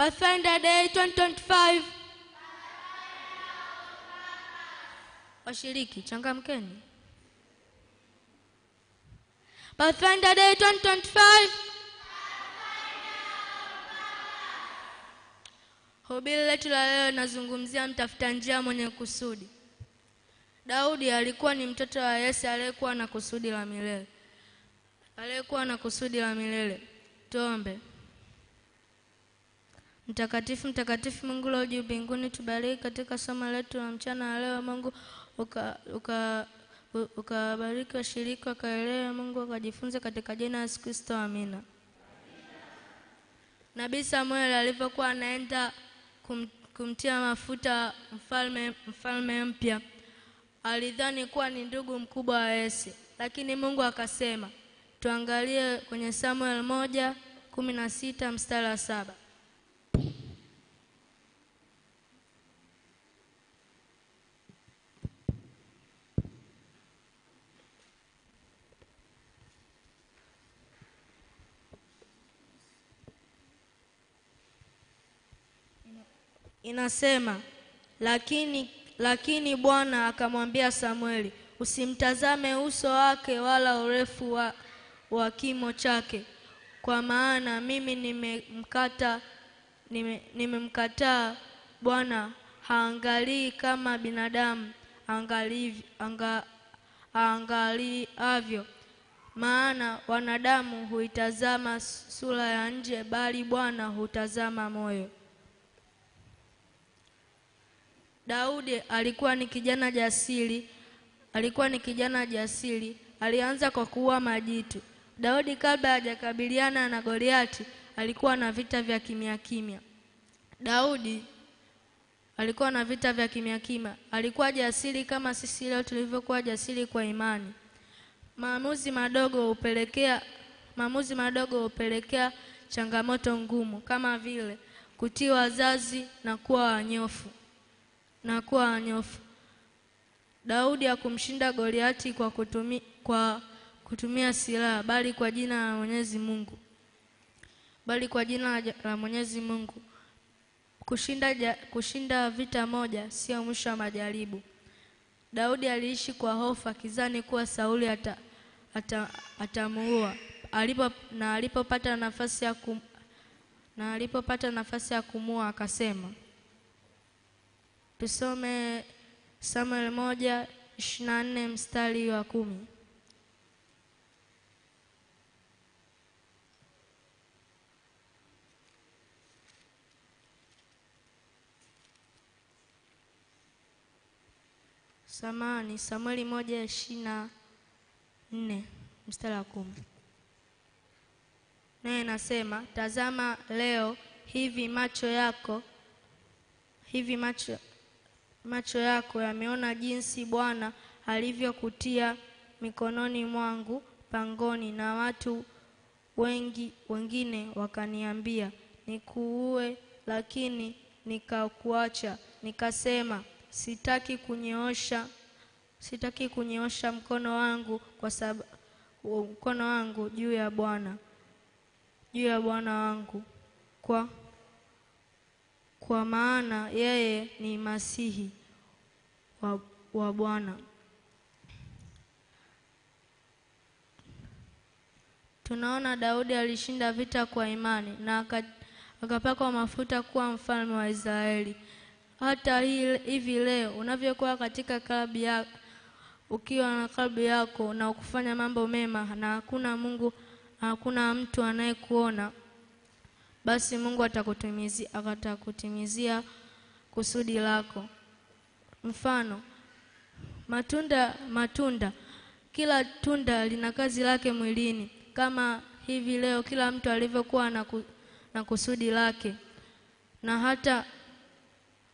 Pathfinder Day 2025. Washiriki changamkeni. Pathfinder Day 2025. Hubiri letu la leo linazungumzia mtafuta njia mwenye kusudi. Daudi alikuwa ni mtoto wa Yese aliyekuwa na kusudi la milele, aliyekuwa na kusudi la milele. Tuombe. Mtakatifu, mtakatifu Mungu leo juu mbinguni, tubariki katika somo letu la mchana wa leo. Mungu ukabariki washiriki, wakaelewe Mungu akajifunze katika jina la Yesu Kristo, amina. Nabii Samueli alipokuwa anaenda kum, kumtia mafuta mfalme mfalme mpya, alidhani kuwa ni ndugu mkubwa wa Yese, lakini Mungu akasema. Tuangalie kwenye Samueli moja kumi na sita mstari wa saba. inasema lakini, lakini Bwana akamwambia Samweli, usimtazame uso wake wala urefu wa, wa kimo chake, kwa maana mimi nimemkata nime, nimemkataa Bwana haangalii kama binadamu aangaliavyo anga, angali maana wanadamu huitazama sura ya nje, bali Bwana hutazama moyo. Daudi alikuwa ni kijana jasiri, alikuwa ni kijana jasiri. Alianza kwa kuua majitu. Daudi kabla hajakabiliana na Goliati alikuwa na vita vya kimya kimya. Daudi alikuwa na vita vya kimya kimya, alikuwa jasiri kama sisi leo tulivyokuwa jasiri kwa imani. Maamuzi madogo hupelekea maamuzi madogo hupelekea changamoto ngumu kama vile kutii wazazi na kuwa wanyofu na kuwa anyofu Daudi hakumshinda Goliati kwa kutumia, kwa kutumia silaha bali kwa jina la Mwenyezi Mungu, bali kwa jina la Mwenyezi Mungu. Kushinda, kushinda vita moja sio mwisho wa majaribu. Daudi aliishi kwa hofu akizani kuwa Sauli ata, ata, atamuua alipo, na alipopata nafasi ya kumua akasema Tusome Samuel moja ishirini na nne mstari wa kumi. Samani, Samueli moja ishirini na nne mstari wa kumi, naye nasema, tazama leo hivi macho yako hivi macho macho yako yameona jinsi Bwana alivyokutia mikononi mwangu pangoni, na watu wengi wengine wakaniambia nikuue, lakini nikakuacha. Nikasema sitaki kunyoosha, sitaki kunyoosha mkono wangu kwa sababu mkono wangu juu ya Bwana juu ya Bwana wangu kwa kwa maana yeye ni masihi wa, wa Bwana. Tunaona Daudi alishinda vita kwa imani na akapakwa mafuta kuwa mfalme wa Israeli. Hata hivi leo unavyokuwa katika klabu ya ukiwa na klabu yako na ukufanya mambo mema na hakuna Mungu, hakuna mtu anayekuona basi Mungu atakutimizia atakutimizia kusudi lako. Mfano matunda, matunda kila tunda lina kazi lake mwilini, kama hivi leo kila mtu alivyokuwa na, ku, na kusudi lake na hata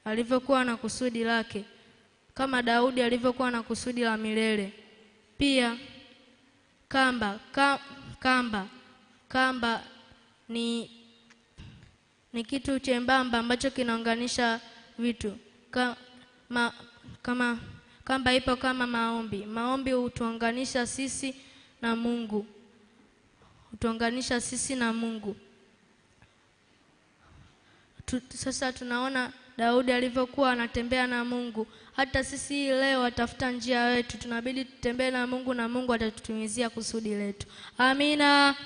alivyokuwa na kusudi lake, kama Daudi alivyokuwa na kusudi la milele. Pia kamba ka, kamba kamba ni ni kitu chembamba ambacho kinaunganisha vitu kama, kama kamba ipo kama maombi. Maombi hutuunganisha sisi na Mungu, hutuunganisha sisi na Mungu. Tu, sasa tunaona Daudi alivyokuwa anatembea na Mungu. Hata sisi leo atafuta njia wetu tunabidi tutembee na Mungu na Mungu atatutimizia kusudi letu. Amina.